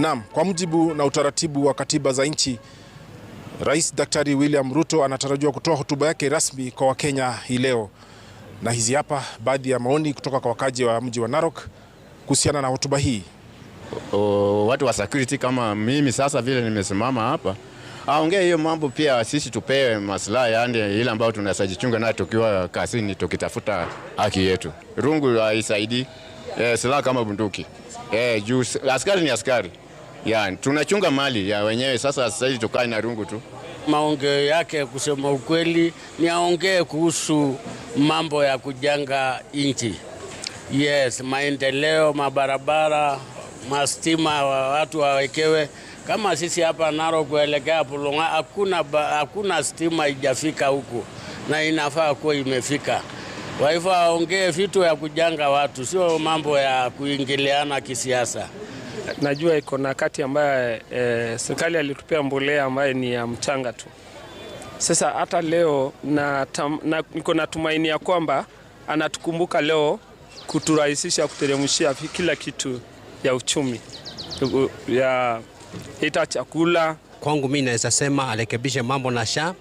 Naam, kwa mujibu na utaratibu wa katiba za nchi, Rais Daktari William Ruto anatarajiwa kutoa hotuba yake rasmi kwa Wakenya hii leo, na hizi hapa baadhi ya maoni kutoka kwa wakaji wa mji wa Narok kuhusiana na hotuba hii. O, watu wa security kama mimi sasa vile nimesimama hapa aongee hiyo mambo pia, sisi tupewe maslahi yani ile ambayo tunasajichunga nayo tukiwa kasini tukitafuta haki yetu. Rungu haisaidii eh, silaha kama bunduki eh, juu askari ni askari ya tunachunga mali ya wenyewe. Sasa sasa hivi tukae na rungu tu. Maongeo yake kusema ukweli, ni aongee kuhusu mambo ya kujenga nchi, yes, maendeleo, mabarabara, mastima, watu wawekewe kama sisi hapa Narok kuelekea Pulonga hakuna, hakuna stima ijafika huku na inafaa kuwa imefika. Kwa hivyo aongee vitu ya kujanga watu, sio mambo ya kuingiliana kisiasa najua iko na kati ambayo e, eh, serikali alitupea mbolea ambaye ni ya mchanga tu. Sasa hata leo na, na, niko na tumaini ya kwamba anatukumbuka leo kuturahisisha kuteremshia kila kitu ya uchumi ya ita chakula. Kwangu mimi naweza sema arekebishe mambo na sha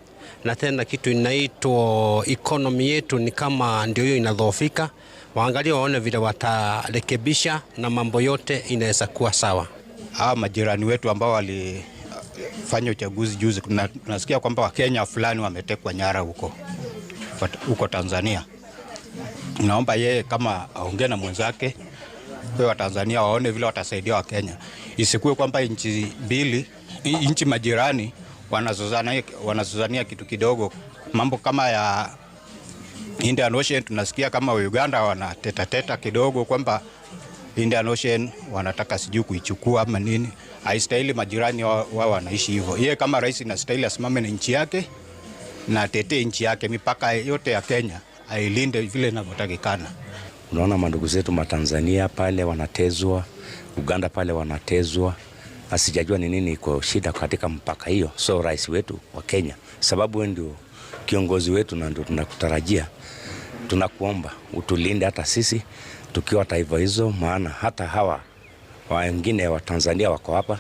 na tena kitu inaitwa ekonomi yetu ni kama ndio hiyo inadhoofika waangalie waone vile watarekebisha na mambo yote inaweza kuwa sawa. Hawa majirani wetu ambao walifanya uchaguzi juzi, tunasikia kwamba Wakenya fulani wametekwa nyara huko huko Tanzania. Naomba yeye kama aongee na mwenzake wa Tanzania waone vile watasaidia Wakenya, isikuwe kwamba nchi mbili, nchi majirani wanazozania, wanazozania kitu kidogo, mambo kama ya Indian Ocean tunasikia kama Uganda teta kidogo kwamba Indian Ocean wanataka sijui kuichukua ama nini. Haistahili majirani wao wa wanaishi hivyo. Yeye kama rais inastahili asimame na nchi yake na atetee nchi yake, mipaka yote ya Kenya ailinde vile inavyotakikana. Unaona mandugu zetu Matanzania pale wanatezwa, Uganda pale wanatezwa, asijajua ni nini iko shida katika mpaka hiyo. So rais wetu wa Kenya, sababu wewe ndio kiongozi wetu, na ndio tunakutarajia, tunakuomba utulinde hata sisi tukiwa taifa hizo, maana hata hawa wengine wa Tanzania wako hapa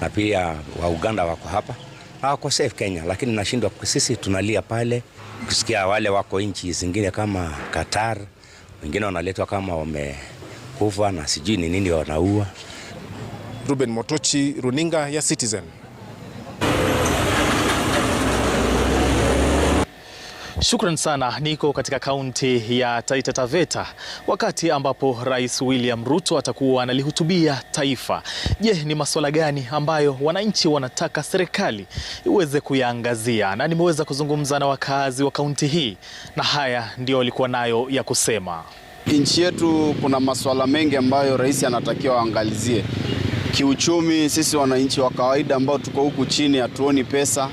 na pia wa Uganda wako hapa hawako safe Kenya, lakini nashindwa sisi tunalia pale kusikia wale wako nchi zingine kama Qatar, wengine wanaletwa kama wamekufa na sijui ni nini wanaua. Ruben Motochi, runinga ya Citizen. Shukran sana. Niko katika kaunti ya Taita Taveta wakati ambapo Rais William Ruto atakuwa analihutubia taifa. Je, ni masuala gani ambayo wananchi wanataka serikali iweze kuyaangazia? Na nimeweza kuzungumza na wakazi wa kaunti hii na haya ndio walikuwa nayo ya kusema. Nchi yetu kuna masuala mengi ambayo rais anatakiwa aangalizie Kiuchumi, sisi wananchi wa kawaida ambao tuko huku chini hatuoni pesa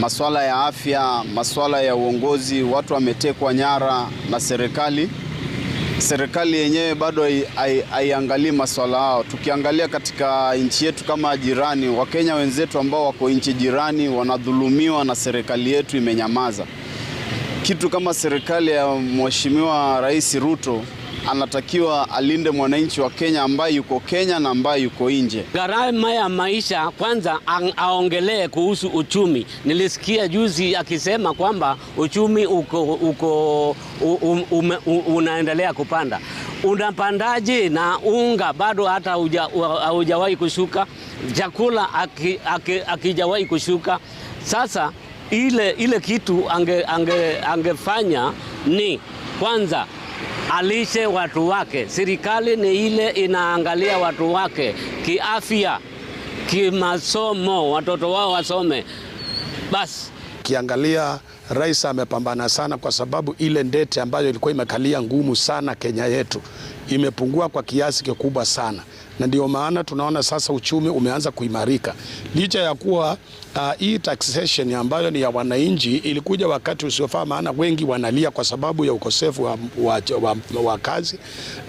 masuala ya afya, masuala ya uongozi, watu wametekwa nyara na serikali. Serikali yenyewe bado haiangalii masuala hao. Tukiangalia katika nchi yetu kama jirani, Wakenya wenzetu ambao wako nchi jirani wanadhulumiwa na serikali yetu imenyamaza. Kitu kama serikali ya Mheshimiwa Rais Ruto anatakiwa alinde mwananchi wa Kenya ambaye yuko Kenya na ambaye yuko nje. Gharama ya maisha kwanza, aongelee kuhusu uchumi. Nilisikia juzi akisema kwamba uchumi uko, uko um, um, um, unaendelea kupanda. Unapandaje na unga bado hata haujawahi kushuka, chakula akijawahi aki, kushuka. Sasa ile, ile kitu angefanya ange, ange ni kwanza alishe watu wake. Serikali ni ile inaangalia watu wake kiafya, kimasomo, watoto wao wasome basi. Kiangalia rais amepambana sana, kwa sababu ile ndete ambayo ilikuwa imekalia ngumu sana Kenya yetu imepungua kwa kiasi kikubwa sana, na ndio maana tunaona sasa uchumi umeanza kuimarika licha ya kuwa Uh, hii taxation ambayo ni ya wananchi ilikuja wakati usiofaa, maana wengi wanalia kwa sababu ya ukosefu wa, wa, wa, wa kazi,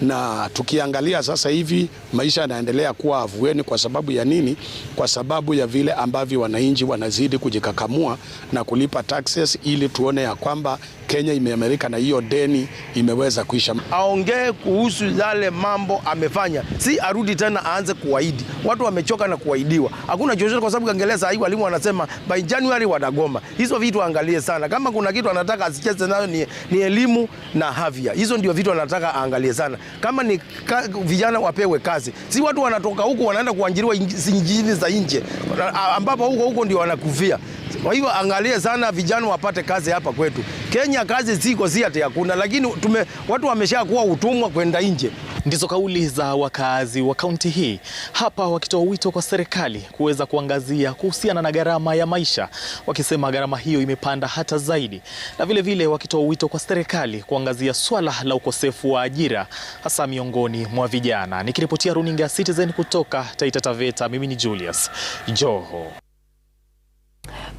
na tukiangalia sasa hivi maisha yanaendelea kuwa afueni. Kwa sababu ya nini? Kwa sababu ya vile ambavyo wananchi wanazidi kujikakamua na kulipa taxes, ili tuone ya kwamba Kenya imeamerika na hiyo deni imeweza kuisha. Aongee kuhusu yale mambo amefanya, si arudi tena aanze kuahidi. Watu wamechoka na kuahidiwa, hakuna chochote, kwa sababu kaangalia hii walimu wana anasema by January watagoma. Hizo vitu angalie sana, kama kuna kitu anataka asicheze nayo ni, ni elimu na afya. Hizo ndio vitu anataka aangalie sana, kama ni ka, vijana wapewe kazi, si watu wanatoka huku wanaenda kuanjiriwa nchini za nje, ambapo huko huko ndio wanakufia. Kwa hivyo angalie sana vijana wapate kazi hapa kwetu Kenya. Kazi ziko si ati hakuna, lakini tume, watu wameshakuwa utumwa kwenda nje. Ndizo kauli za wakazi wa kaunti hii hapa, wakitoa wito kwa serikali kuweza kuangazia kuhusiana na gharama ya maisha, wakisema gharama hiyo imepanda hata zaidi, na vile vile wakitoa wito kwa serikali kuangazia swala la ukosefu wa ajira, hasa miongoni mwa vijana. Nikiripotia runinga ya Citizen kutoka Taita Taveta, mimi ni Julius Joho.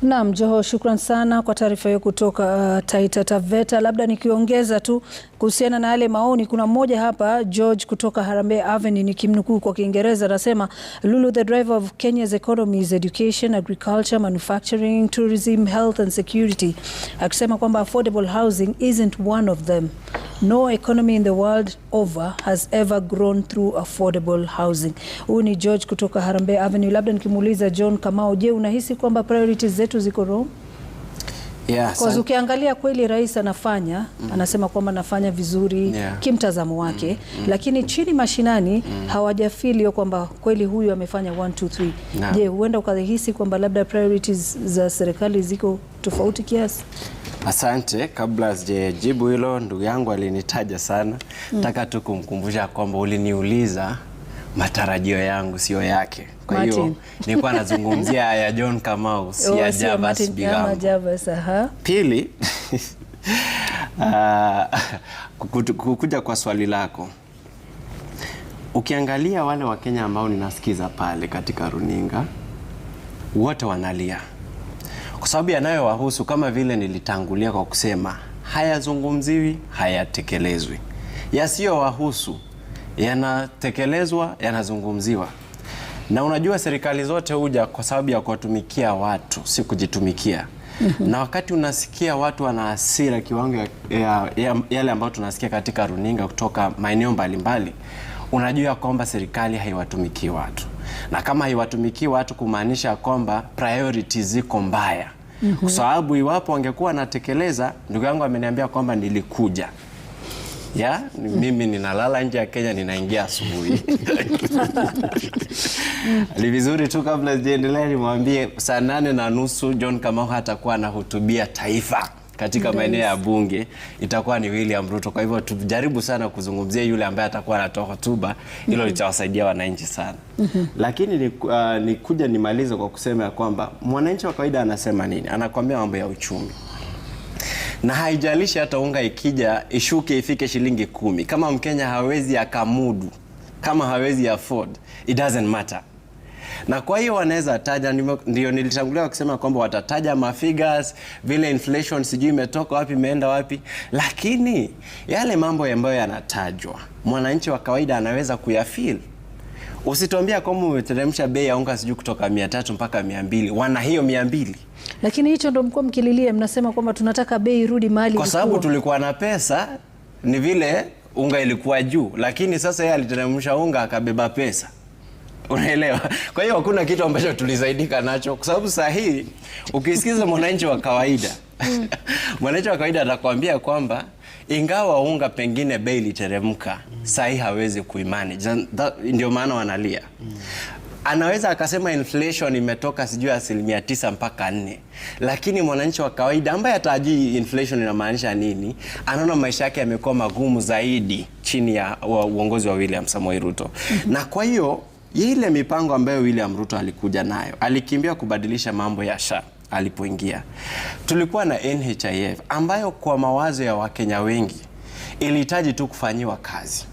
Naam, Joho, shukran sana kwa taarifa hiyo kutoka uh, Taita Taveta. Labda nikiongeza tu Kuhusiana na yale maoni, kuna mmoja hapa George kutoka Harambee Avenue, nikimnukuu kwa Kiingereza, anasema Lulu, the driver of Kenya's economy is education, agriculture, manufacturing, tourism, health and security, akisema kwamba affordable housing isn't one of them. No economy in the world over has ever grown through affordable housing. Huyu ni George kutoka Harambee Avenue. Labda nikimuuliza John Kamau, je, unahisi kwamba priorities zetu ziko wrong? yeah, kwa ukiangalia kweli rais anafanya mm. anasema kwamba anafanya vizuri yeah. kimtazamo wake mm. Mm. lakini chini mashinani mm. hawajafili hiyo kwamba kweli huyu amefanya 1 2 3 no. Je, huenda ukahisi kwamba labda priorities za serikali ziko tofauti kiasi? Asante. Kabla sijajibu hilo, ndugu yangu alinitaja sana, mm. nataka mm. tu kumkumbusha kwamba uliniuliza matarajio yangu sio yake. Kwa hiyo nilikuwa nazungumzia ya John Kamau, si ya oh, Jabas Bigambo. Pili, uh, ah, kuja kwa swali lako, ukiangalia wale Wakenya ambao ninasikiza pale katika runinga wote wanalia kwa sababu yanayowahusu, kama vile nilitangulia kwa kusema, hayazungumziwi, hayatekelezwi, yasiyowahusu yanatekelezwa, yanazungumziwa. Na unajua serikali zote huja kwa sababu ya kuwatumikia watu, si kujitumikia. Mm -hmm. Na wakati unasikia watu wana hasira kiwango ya, ya, ya, yale ambayo tunasikia katika runinga kutoka maeneo mbalimbali, unajua kwamba serikali haiwatumikii watu, na kama haiwatumikii watu kumaanisha kwamba priorities ziko mbaya. Mm -hmm. Kwa sababu iwapo wangekuwa wanatekeleza, ndugu yangu ameniambia kwamba nilikuja ya mimi ninalala nje ya Kenya, ninaingia asubuhi ni vizuri tu, kabla sijaendelea, nimwambie saa nane na nusu John Kamau hatakuwa anahutubia taifa katika maeneo ya bunge itakuwa ni William Ruto. Kwa hivyo tujaribu sana kuzungumzia yule ambaye atakuwa anatoa hotuba, hilo mm-hmm. litawasaidia wananchi sana mm-hmm. Lakini ni, uh, ni nimalize kwa kusema ya kwamba mwananchi wa kawaida anasema nini? Anakwambia mambo ya uchumi na haijalishi hata unga ikija ishuke ifike shilingi kumi, kama Mkenya hawezi akamudu, kama hawezi afford, it doesn't matter. Na kwa hiyo wanaweza taja, ndio nilitangulia wakisema kwamba watataja mafigures vile inflation sijui imetoka wapi imeenda wapi, lakini yale mambo ambayo yanatajwa mwananchi wa kawaida anaweza kuyafeel. Usituambia kwamba umeteremsha bei ya unga sijui kutoka 300 mpaka 200, wana hiyo 200 lakini hicho ndo mkuwa mkililia, mnasema kwamba tunataka bei irudi mahali, kwa sababu tulikuwa na pesa. Ni vile unga ilikuwa juu, lakini sasa yeye aliteremsha unga akabeba pesa, unaelewa? Kwa hiyo hakuna kitu ambacho tulisaidika nacho, kwa sababu saa hii ukisikiza mwananchi wa kawaida mwananchi wa kawaida atakwambia kwamba ingawa unga pengine bei iliteremka, saa hii hawezi kuimani, ndio maana wanalia mm anaweza akasema inflation imetoka sijui asilimia tisa mpaka nne, lakini mwananchi wa kawaida ambaye atajui inflation inamaanisha nini, anaona maisha yake yamekuwa magumu zaidi chini ya uongozi wa William Samoei Ruto mhm. na kwa hiyo ile mipango ambayo William Ruto alikuja nayo, alikimbia kubadilisha mambo ya SHA alipoingia. Tulikuwa na NHIF ambayo kwa mawazo ya Wakenya wengi ilihitaji tu kufanyiwa kazi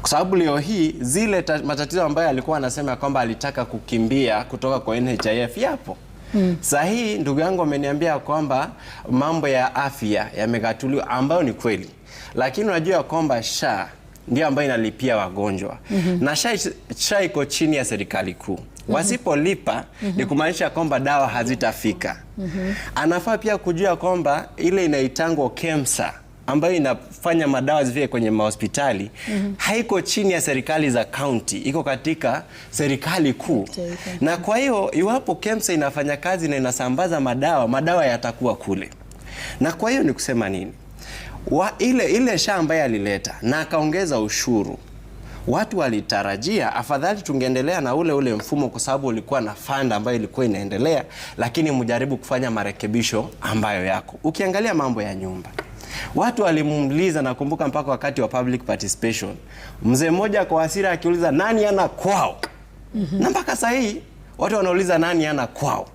kwa sababu leo hii zile matatizo ambayo alikuwa anasema kwamba alitaka kukimbia kutoka kwa NHIF yapo. Mm. hii ndugu yangu ameniambia kwamba mambo ya afya yamegatuliwa, ambayo ni kweli, lakini unajua kwamba SHA ndio ambayo inalipia wagonjwa mm -hmm. na SHA, SHA iko chini ya serikali kuu mhm. wasipolipa mm -hmm. ni kumaanisha kwamba dawa hazitafika. mm -hmm. Anafaa pia kujua kwamba ile inaitangwa KEMSA ambayo inafanya madawa zifike kwenye mahospitali mm -hmm. haiko chini ya serikali za kaunti, iko katika serikali kuu. Na kwa hiyo iwapo KEMSA inafanya kazi na inasambaza madawa, madawa yatakuwa kule. Na kwa hiyo ni kusema nini? Wa, ile, ile SHA ambaye alileta na akaongeza ushuru watu walitarajia afadhali tungeendelea na ule ule mfumo kwa sababu ulikuwa na fund ambayo ilikuwa inaendelea, lakini mjaribu kufanya marekebisho ambayo yako. Ukiangalia mambo ya nyumba Watu walimuuliza, nakumbuka mpaka wakati wa public participation, mzee mmoja kwa hasira akiuliza nani ana kwao? mm -hmm. Na mpaka sasa hii watu wanauliza nani ana kwao,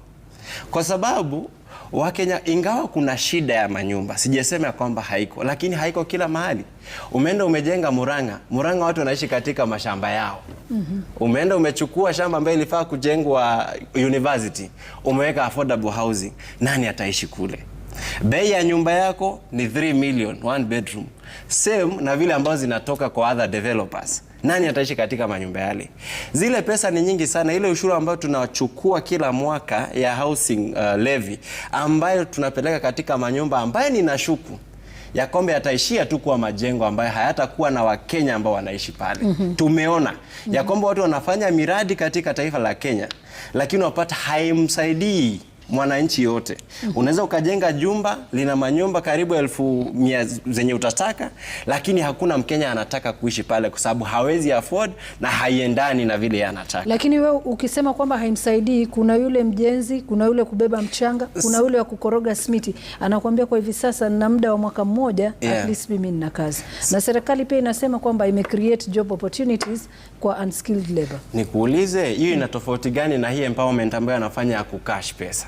kwa sababu Wakenya, ingawa kuna shida ya manyumba, sijasema kwamba haiko, lakini haiko kila mahali. Umeenda umejenga Murang'a, Murang'a watu wanaishi katika mashamba yao. mm -hmm. Umeenda umechukua shamba ambayo ilifaa kujengwa university, umeweka affordable housing, nani ataishi kule? Bei ya nyumba yako ni 3 million one bedroom, same na vile ambazo zinatoka kwa other developers. Nani ataishi katika manyumba yale? Zile pesa ni nyingi sana. Ile ushuru ambayo tunachukua kila mwaka ya housing uh, levy ambayo tunapeleka katika manyumba ambayo ninashuku ya kombe yataishia tu kuwa majengo ambayo hayatakuwa na Wakenya ambao wanaishi pale. mm -hmm. Tumeona ya mhm. kombe watu wanafanya miradi katika taifa la Kenya, lakini wapata haimsaidii mwananchi yote. mm -hmm. Unaweza ukajenga jumba lina manyumba karibu elfu mia zenye utataka, lakini hakuna Mkenya anataka kuishi pale kwa sababu hawezi afford na haiendani na vile anataka. Lakini wewe ukisema kwamba haimsaidii, kuna yule mjenzi, kuna yule kubeba mchanga, kuna yule wa kukoroga smiti, anakuambia kwa hivi sasa na muda wa mwaka mmoja, yeah. At least mimi nina kazi, na serikali pia inasema kwamba ime create job opportunities kwa unskilled labor. Nikuulize, hiyo ina tofauti gani na hii empowerment ambayo anafanya ya kukash pesa?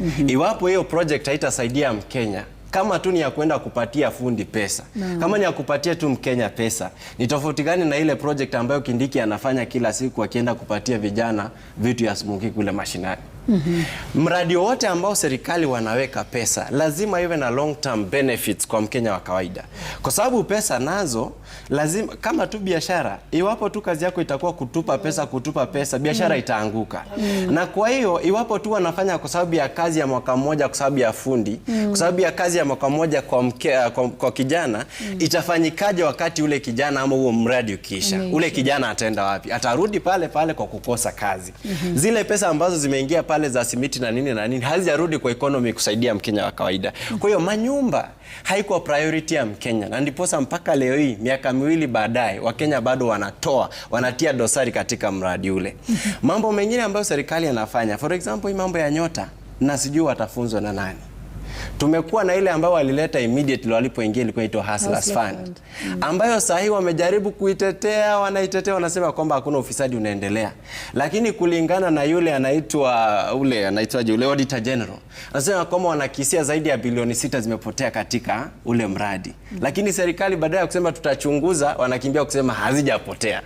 -hmm. Iwapo hiyo project haitasaidia Mkenya kama tu ni ya kwenda kupatia fundi pesa no. Kama ni ya kupatia tu Mkenya pesa, ni tofauti gani na ile project ambayo Kindiki anafanya kila siku akienda kupatia vijana vitu ya smoki kule mashinani? mm -hmm. Mradi wote ambao serikali wanaweka pesa lazima iwe na long term benefits kwa Mkenya wa kawaida, kwa sababu pesa nazo lazima, kama tu biashara, iwapo tu kazi yako itakuwa kutupa pesa kutupa pesa, biashara mm -hmm. itaanguka mm -hmm. na kwa hiyo iwapo tu wanafanya kwa sababu ya kazi ya mwaka mmoja, kwa sababu ya fundi mm -hmm. kwa mm-hmm. sababu ya kazi ya mwaka mmoja kwa, mke, kwa, kwa kijana mm -hmm. itafanyikaje wakati ule kijana ama huo mradi ukiisha? mm -hmm. ule kijana ataenda wapi? Atarudi pale pale kwa kukosa kazi mm -hmm. zile pesa ambazo zimeingia pale pale za simiti na nini na nini hazijarudi kwa economy kusaidia Mkenya wa kawaida. Kwa hiyo manyumba haikuwa priority ya Mkenya, na ndiposa mpaka leo hii miaka miwili baadaye Wakenya bado wanatoa wanatia dosari katika mradi ule. Mambo mengine ambayo serikali anafanya, for example, hii mambo ya nyota na sijui watafunzwa na nani Tumekuwa na ile ambayo walileta immediately walipoingia ilikuwa inaitwa Hustlers Fund mm. ambayo sasa hivi wamejaribu kuitetea, wanaitetea, wanasema kwamba hakuna ufisadi unaendelea, lakini kulingana na yule anaitwa ule anaitwa yule auditor general anasema kwamba wanakisia zaidi ya bilioni sita zimepotea katika ule mradi, mm. lakini serikali badala ya kusema tutachunguza, wanakimbia kusema hazijapotea.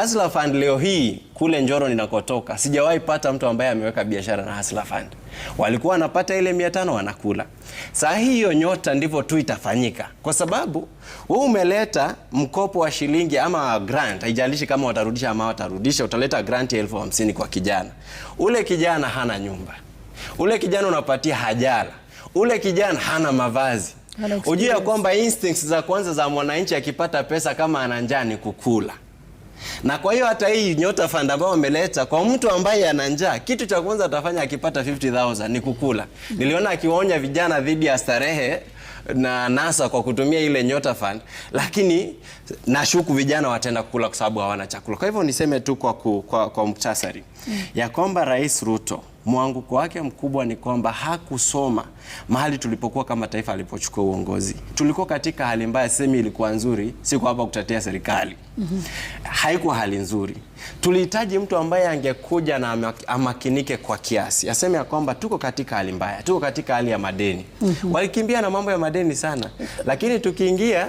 Hustler Fund leo hii kule Njoro ninakotoka, sijawahi pata mtu ambaye ameweka biashara na Hustler Fund. Walikuwa wanapata ile 500 wanakula. Saa hiyo nyota ndivyo tu itafanyika, kwa sababu wewe umeleta mkopo wa shilingi ama grant, haijalishi kama watarudisha ama watarudisha, utaleta grant ya elfu hamsini kwa kijana. Ule kijana hana nyumba, ule kijana unapatia hajala, ule kijana hana mavazi. Ujue ya kwamba instincts za kwanza za mwananchi akipata pesa kama ana njaa ni kukula. Na kwa hiyo hata hii Nyota Fund ambayo wameleta kwa mtu ambaye ana njaa, kitu cha kwanza atafanya akipata 50000 ni kukula. Niliona akiwaonya vijana dhidi ya starehe na nasa kwa kutumia ile Nyota Fund, lakini nashuku vijana wataenda kukula kwa sababu hawana chakula. Kwa hivyo niseme tu kwa, ku, kwa, kwa muktasari ya kwamba Rais Ruto mwanguko wake mkubwa ni kwamba hakusoma mahali tulipokuwa kama taifa alipochukua uongozi, tulikuwa katika hali mbaya. Semi ilikuwa nzuri, siko hapa kutetea serikali mm -hmm. haikuwa hali nzuri. Tulihitaji mtu ambaye angekuja na amakinike kwa kiasi, aseme ya kwamba tuko katika hali mbaya, tuko katika hali ya madeni mm -hmm. walikimbia na mambo ya madeni sana, lakini tukiingia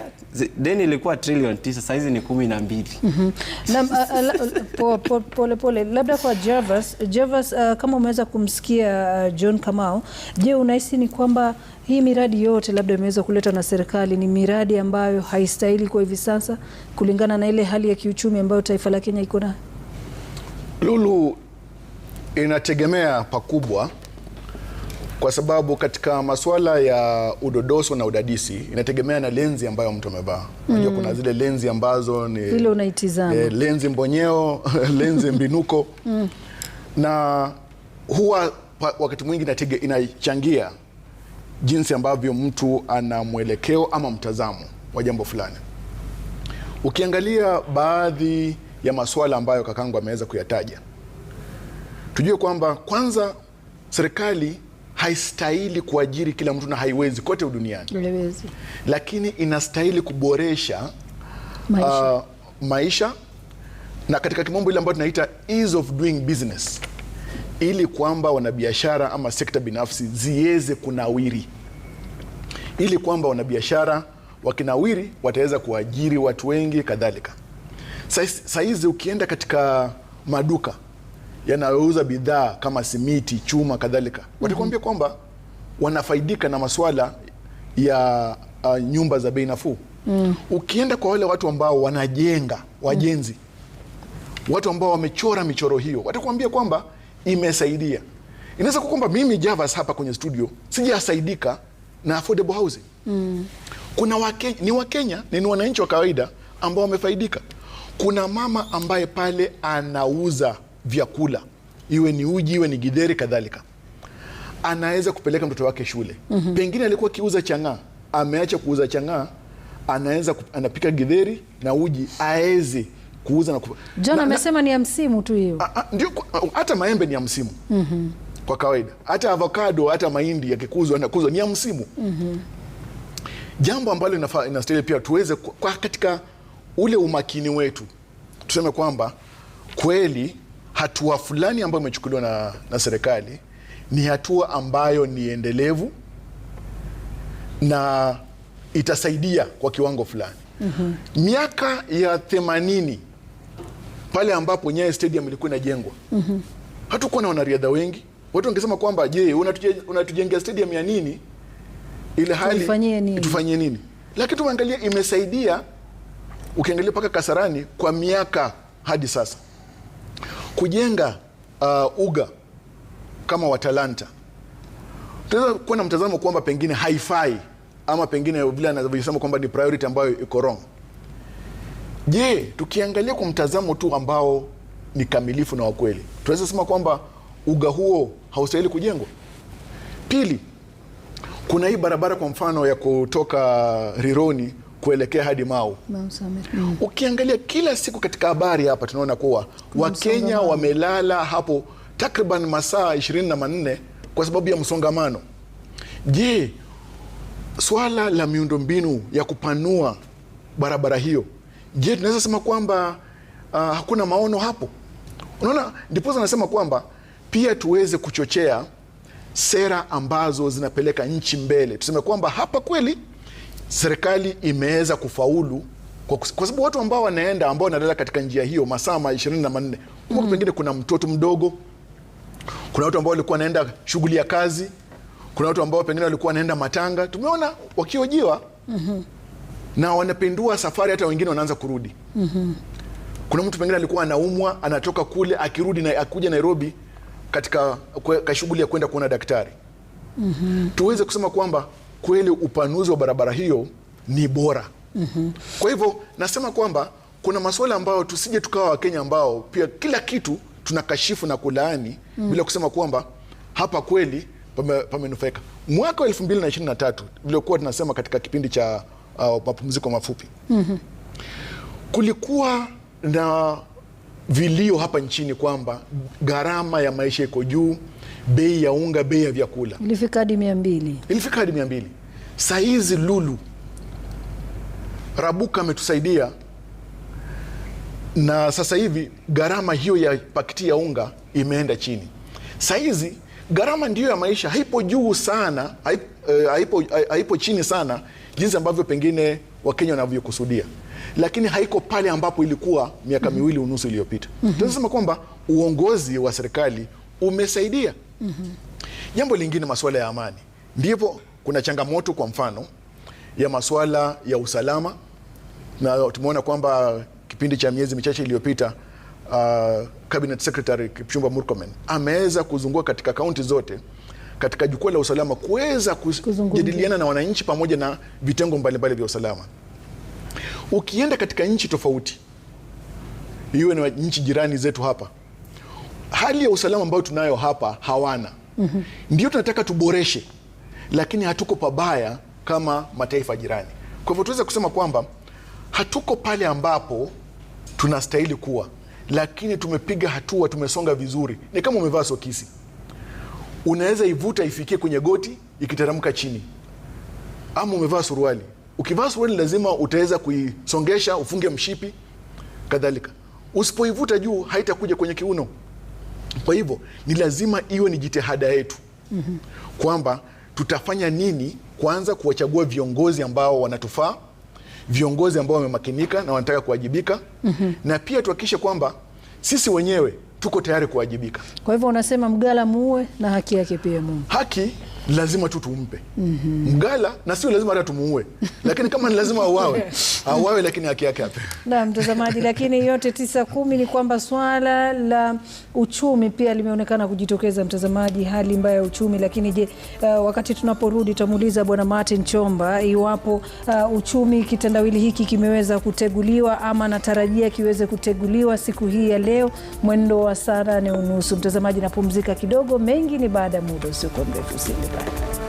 deni ilikuwa trilioni tisa, sasa hizi ni kumi na mbili. Mhm. Uh, uh, uh, pole, labda kwa Jervas. Jervas, uh, kama umeweza kumsikia uh, John Kamau, je, unahisi ni kwamba hii miradi yote labda imeweza kuletwa na serikali ni miradi ambayo haistahili kwa hivi sasa kulingana na ile hali ya kiuchumi ambayo taifa la Kenya iko nayo? Lulu, inategemea pakubwa, kwa sababu katika masuala ya udodoso na udadisi inategemea na lenzi ambayo mtu amevaa. Unajua mm. kuna zile lenzi ambazo ni vile unaitizama eh, lenzi mbonyeo lenzi mbinuko mm. na huwa wakati mwingi inachangia jinsi ambavyo mtu ana mwelekeo ama mtazamo wa jambo fulani. Ukiangalia baadhi ya masuala ambayo kakangu ameweza kuyataja, tujue kwamba kwanza, serikali haistahili kuajiri kila mtu na haiwezi kote duniani Lakini inastahili kuboresha maisha, uh, maisha na katika kimombo ile ambayo tunaita ease of doing business ili kwamba wanabiashara ama sekta binafsi ziweze kunawiri, ili kwamba wanabiashara wakinawiri wataweza kuajiri watu wengi kadhalika. sahizi ukienda katika maduka yanayouza bidhaa kama simiti, chuma kadhalika, mhm. watakuambia kwamba wanafaidika na masuala ya uh, nyumba za bei nafuu. Mm. Ukienda kwa wale watu ambao wanajenga wajenzi, mm. watu ambao wamechora michoro hiyo, watakuambia kwamba imesaidia. Inaweza kuwa kwamba mimi Javas hapa kwenye studio sijasaidika na affordable housing mm. Kuna wake, ni Wakenya ni, ni wananchi wa kawaida ambao wamefaidika. Kuna mama ambaye pale anauza vyakula iwe ni uji iwe ni gidheri kadhalika, anaweza kupeleka mtoto wake shule mm -hmm. Pengine alikuwa akiuza chang'aa, ameacha kuuza chang'aa, anaweza anapika gidheri na uji aeze kuuza na kupa... John amesema ni ya msimu tu hiyo. Ah, ah, ndio, hata maembe ni ya msimu mm -hmm. Kwa kawaida hata avocado hata mahindi yakikuzwa nakuzwa ni ya msimu mm -hmm. Jambo ambalo inastahili pia tuweze kwa katika ule umakini wetu tuseme kwamba kweli hatua fulani ambayo imechukuliwa na, na serikali ni hatua ambayo ni endelevu na itasaidia kwa kiwango fulani. mm -hmm. Miaka ya themanini pale ambapo Nyayo Stadium ilikuwa inajengwa mm -hmm. hatukuwa na wanariadha wengi. Watu wangesema kwamba je, unatujengea stadium ya nini ile hali tufanyie nini? Lakini tumeangalia imesaidia, ukiangalia mpaka Kasarani kwa miaka hadi sasa kujenga uh, uga kama Watalanta, tunaweza kuwa na mtazamo kwamba pengine haifai ama pengine vile anavyosema kwamba ni priority ambayo iko wrong. Je, tukiangalia kwa mtazamo tu ambao ni kamilifu na wa kweli, tunaweza sema kwamba uga huo haustahili kujengwa? Pili, kuna hii barabara kwa mfano ya kutoka Rironi kuelekea hadi Mau. Mm. Ukiangalia kila siku katika habari hapa tunaona kuwa Wakenya wamelala hapo takriban masaa ishirini na manne kwa sababu ya msongamano. Je, swala la miundombinu ya kupanua barabara hiyo Je, tunaweza sema kwamba uh, hakuna maono hapo? Unaona, ndipo anasema kwamba pia tuweze kuchochea sera ambazo zinapeleka nchi mbele. Tuseme kwamba hapa kweli serikali imeweza kufaulu kwa, kwa sababu watu ambao wanaenda ambao wanadala katika njia hiyo masaa ishirini na manne mm. Pengine kuna mtoto mdogo, kuna watu ambao walikuwa wanaenda shughuli ya kazi, kuna watu ambao pengine walikuwa wanaenda matanga, tumeona wakiojiwa mm -hmm na wanapindua safari, hata wengine wanaanza kurudi mm -hmm. Kuna mtu pengine alikuwa anaumwa anatoka kule akirudi na akuja Nairobi katika shughuli ya kwenda kuona daktari mm -hmm. Tuweze kusema kwamba kweli upanuzi wa barabara hiyo ni bora mm -hmm. Kwa hivyo nasema kwamba kuna masuala ambayo tusije tukawa Wakenya ambao pia kila kitu tunakashifu na kulaani mm. bila kusema kwamba hapa kweli pamenufaika pame mwaka wa elfu mbili na ishirini na tatu viliokuwa tunasema katika kipindi cha uh, mapumziko mafupi mm -hmm. Kulikuwa na vilio hapa nchini kwamba gharama ya maisha iko juu, bei ya unga, bei ya vyakula ilifika hadi mia mbili ilifika hadi mia mbili lulu Rabuka ametusaidia na sasa hivi gharama hiyo ya pakiti ya unga imeenda chini. sahizi gharama ndiyo ya maisha haipo juu sana, haipo, eh, haipo, haipo chini sana jinsi ambavyo pengine Wakenya wanavyokusudia, lakini haiko pale ambapo ilikuwa miaka mm -hmm. miwili unusu iliyopita. mm -hmm. Tunasema kwamba uongozi wa serikali umesaidia. mm -hmm. Jambo lingine, masuala ya amani, ndipo kuna changamoto kwa mfano ya masuala ya usalama, na tumeona kwamba kipindi cha miezi michache iliyopita uh, Cabinet Secretary Kipchumba Murkomen ameweza kuzungua katika kaunti zote katika jukwaa la usalama kuweza kujadiliana na wananchi pamoja na vitengo mbalimbali vya usalama. Ukienda katika nchi tofauti, iwe ni nchi jirani zetu hapa, hali ya usalama ambayo tunayo hapa hawana. mm -hmm. Ndio tunataka tuboreshe, lakini hatuko pabaya kama mataifa jirani. Kwa hivyo tuweza kusema kwamba hatuko pale ambapo tunastahili kuwa, lakini tumepiga hatua, tumesonga vizuri. Ni kama umevaa sokisi unaweza ivuta ifikie kwenye goti ikiteremka chini, ama umevaa suruali. Ukivaa suruali lazima utaweza kuisongesha, ufunge mshipi kadhalika. Usipoivuta juu haitakuja kwenye kiuno. Kwa hivyo ni lazima iwe ni jitihada yetu mm-hmm. kwamba tutafanya nini, kwanza kuwachagua viongozi ambao wanatufaa, viongozi ambao wamemakinika na wanataka kuwajibika mm -hmm. na pia tuhakikishe kwamba sisi wenyewe tuko tayari kuwajibika. Kwa hivyo unasema Mgala muue na haki yake pia muue. Haki lazima tu tumpe mm -hmm. Mgala na sio lazima hata tumuue, lakini kama ni lazima auawe auawe, lakini haki yake ape. na mtazamaji, lakini yote tisa kumi ni kwamba swala la uchumi pia limeonekana kujitokeza, mtazamaji, hali mbaya ya uchumi. Lakini je, uh, wakati tunaporudi tutamuuliza Bwana Martin Chomba iwapo uh, uchumi kitandawili hiki kimeweza kuteguliwa ama natarajia kiweze kuteguliwa siku hii ya leo mwendo wa saa nane unusu. Mtazamaji, napumzika kidogo, mengi ni baada ya muda usiokuwa mrefu. Bye.